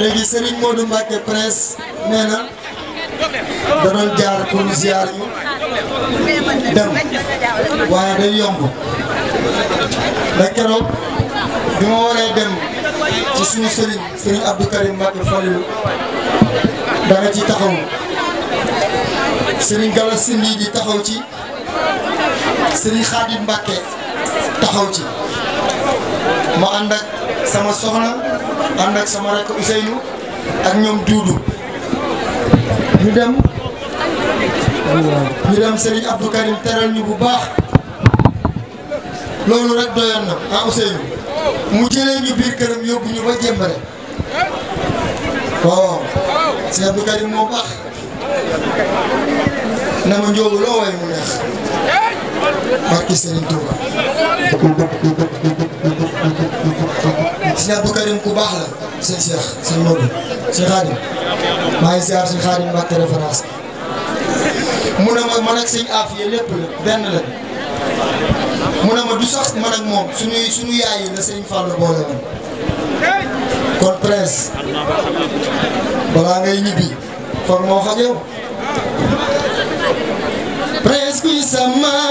léegi Serigne Modou Mbacke Prince nee na danoon jaar pour ziar ñu dem waaye day yomb ba keroog bi ma waree dem ci suñu Serigne Serigne Abdou Karim Mbacke Falilou da ci taxaw seeni Gallas Sindi di taxaw ci Serigne Khadim Mbacke taxaw ci. ma ànd ak sama soxna ànd ak sama rakk Ousseynou ak ñoom Duudu ñu dem ñu dem Serigne Abdou Karim teral ñu bu baax loolu rek doyoon na ah Ousseynou mu jëlee ñu biir këram yóbbu ñu ba jëmbare waaw Serigne Abdou Karim moo baax na ma njóobu loo way mu neex barki Serigne Touba ndax sëñ Abdou Karim ku baax la sëñ Cheikh sëñ Maodo sëñ Xaadim maa ngi ziar sëñ Xaadim Mbàkke référence mu ne ma man ak sëñ Afiya lépp la benn la mu ne ma du sax man ak moom suñuy suñu yaay yi la sëñ Fall boole woon kon prince balaa ngay ñibbi foog moo prince kuy sama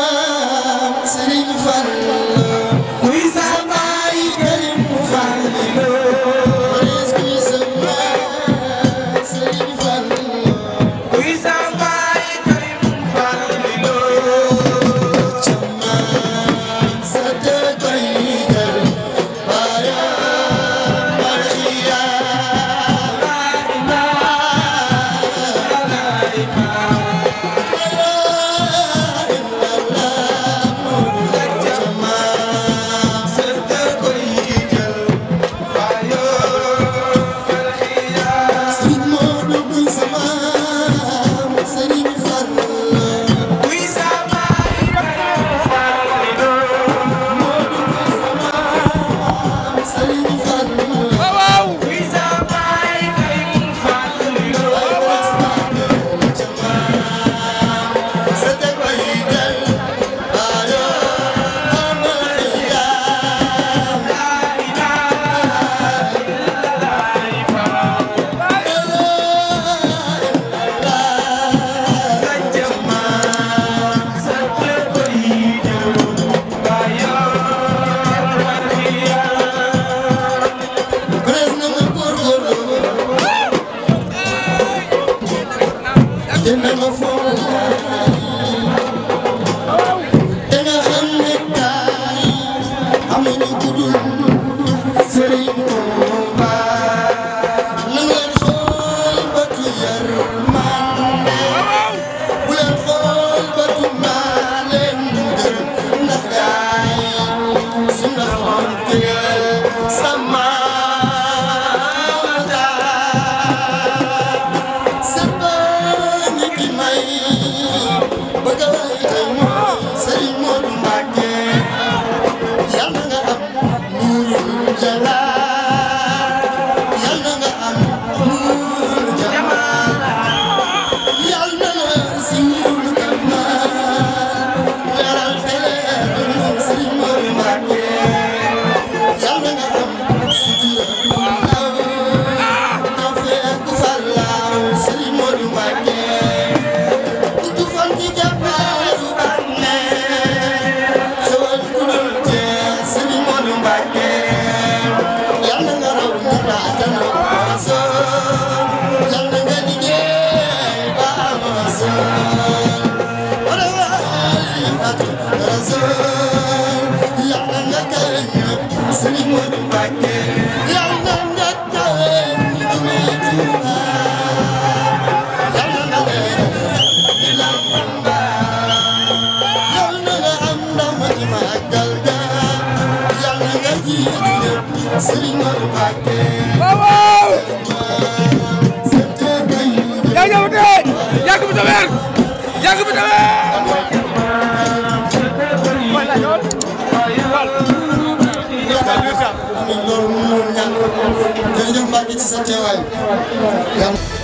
ci sa teewaay